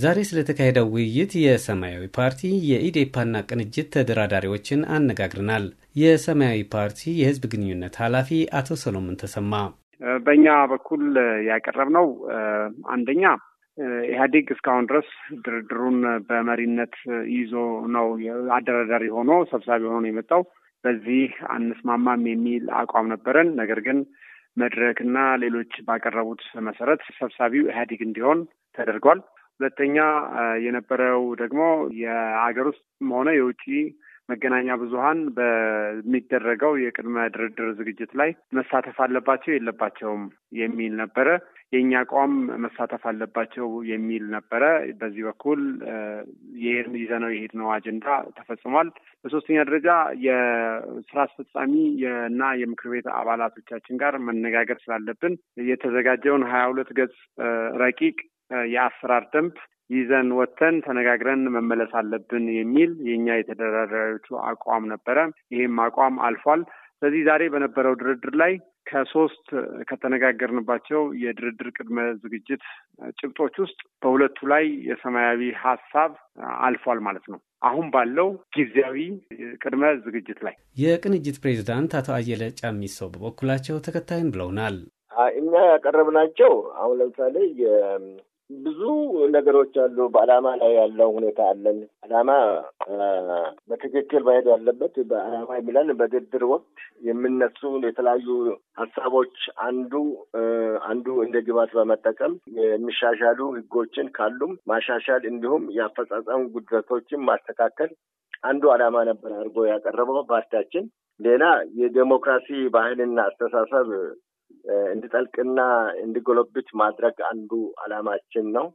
ዛሬ ስለተካሄደው ውይይት የሰማያዊ ፓርቲ የኢዴፓና ቅንጅት ተደራዳሪዎችን አነጋግረናል። የሰማያዊ ፓርቲ የህዝብ ግንኙነት ኃላፊ አቶ ሰሎሞን ተሰማ በእኛ በኩል ያቀረብነው አንደኛ ኢህአዴግ እስካሁን ድረስ ድርድሩን በመሪነት ይዞ ነው አደራዳሪ ሆኖ ሰብሳቢ ሆኖ ነው የመጣው። በዚህ አንስማማም የሚል አቋም ነበረን። ነገር ግን መድረክና ሌሎች ባቀረቡት መሰረት ሰብሳቢው ኢህአዴግ እንዲሆን ተደርጓል። ሁለተኛ የነበረው ደግሞ የሀገር ውስጥ ሆነ የውጭ መገናኛ ብዙሀን በሚደረገው የቅድመ ድርድር ዝግጅት ላይ መሳተፍ አለባቸው የለባቸውም የሚል ነበረ። የእኛ አቋም መሳተፍ አለባቸው የሚል ነበረ። በዚህ በኩል ይህን ይዘነው የሄድነው አጀንዳ ተፈጽሟል። በሶስተኛ ደረጃ የስራ አስፈጻሚ እና የምክር ቤት አባላቶቻችን ጋር መነጋገር ስላለብን የተዘጋጀውን ሀያ ሁለት ገጽ ረቂቅ የአሰራር ደንብ ይዘን ወጥተን ተነጋግረን መመለስ አለብን የሚል የእኛ የተደራዳሪዎቹ አቋም ነበረ። ይህም አቋም አልፏል። ስለዚህ ዛሬ በነበረው ድርድር ላይ ከሶስት ከተነጋገርንባቸው የድርድር ቅድመ ዝግጅት ጭብጦች ውስጥ በሁለቱ ላይ የሰማያዊ ሀሳብ አልፏል ማለት ነው። አሁን ባለው ጊዜያዊ ቅድመ ዝግጅት ላይ የቅንጅት ፕሬዚዳንት አቶ አየለ ጫሚሰው በበኩላቸው ተከታይም ብለውናል። እኛ ያቀረብናቸው አሁን ለምሳሌ ብዙ ነገሮች አሉ። በአላማ ላይ ያለው ሁኔታ አለን። አላማ በትክክል መሄድ ያለበት በአላማ የሚለን በድርድር ወቅት የሚነሱ የተለያዩ ሀሳቦች አንዱ አንዱ እንደ ግባት በመጠቀም የሚሻሻሉ ህጎችን ካሉም ማሻሻል እንዲሁም የአፈጻጸም ጉድለቶችን ማስተካከል አንዱ አላማ ነበር አድርጎ ያቀረበው ፓርቲያችን። ሌላ የዴሞክራሲ ባህልና አስተሳሰብ እንዲጠልቅና እንዲጎለብት ማድረግ አንዱ አላማችን ነው።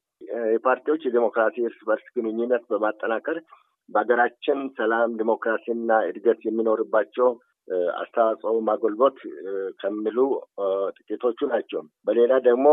የፓርቲዎች የዴሞክራሲ እርስ በርስ ግንኙነት በማጠናከር በሀገራችን ሰላም፣ ዲሞክራሲና እድገት የሚኖርባቸው አስተዋጽኦ ማጎልበት ከሚሉ ጥቂቶቹ ናቸው። በሌላ ደግሞ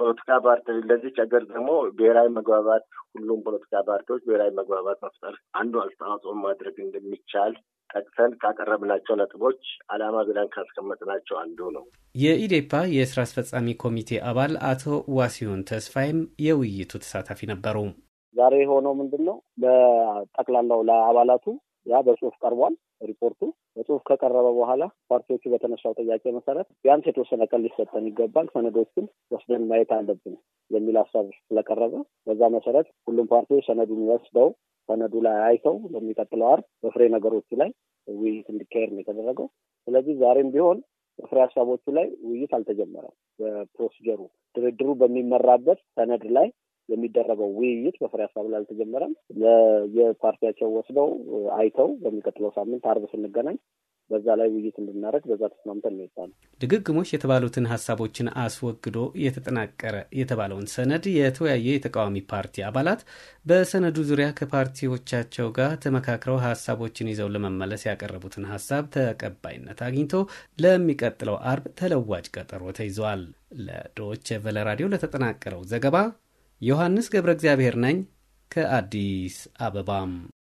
ፖለቲካ ፓርቲ ለዚች ሀገር ደግሞ ብሔራዊ መግባባት ሁሉም ፖለቲካ ፓርቲዎች ብሔራዊ መግባባት መፍጠር አንዱ አስተዋጽኦ ማድረግ እንደሚቻል ጠቅሰን ካቀረብናቸው ነጥቦች አላማ ብለን ካስቀመጥናቸው አንዱ ነው። የኢዴፓ የስራ አስፈጻሚ ኮሚቴ አባል አቶ ዋሲሁን ተስፋይም የውይይቱ ተሳታፊ ነበሩ። ዛሬ የሆነው ምንድን ነው? ለጠቅላላው ለአባላቱ ያ በጽሁፍ ቀርቧል። ሪፖርቱ በጽሁፍ ከቀረበ በኋላ ፓርቲዎቹ በተነሳው ጥያቄ መሰረት ቢያንስ የተወሰነ ቀን ሊሰጠን ይገባል፣ ሰነዶችን ወስደን ማየት አለብን የሚል ሀሳብ ስለቀረበ በዛ መሰረት ሁሉም ፓርቲዎች ሰነዱን ወስደው ሰነዱ ላይ አይተው በሚቀጥለው አርብ በፍሬ ነገሮቹ ላይ ውይይት እንዲካሄድ ነው የተደረገው። ስለዚህ ዛሬም ቢሆን በፍሬ ሀሳቦቹ ላይ ውይይት አልተጀመረም። በፕሮሲጀሩ ድርድሩ በሚመራበት ሰነድ ላይ የሚደረገው ውይይት በፍሬ ሀሳብ ላይ አልተጀመረም። የፓርቲያቸው ወስደው አይተው በሚቀጥለው ሳምንት አርብ ስንገናኝ በዛ ላይ ውይይት እንድናደረግ በዛ ተስማምተን ነው ድግግሞሽ የተባሉትን ሀሳቦችን አስወግዶ የተጠናቀረ የተባለውን ሰነድ የተወያየ የተቃዋሚ ፓርቲ አባላት በሰነዱ ዙሪያ ከፓርቲዎቻቸው ጋር ተመካክረው ሀሳቦችን ይዘው ለመመለስ ያቀረቡትን ሀሳብ ተቀባይነት አግኝቶ ለሚቀጥለው አርብ ተለዋጭ ቀጠሮ ተይዘዋል። ለዶች ቨለ ራዲዮ ለተጠናቀረው ዘገባ ዮሐንስ ገብረ እግዚአብሔር ነኝ ከአዲስ አበባም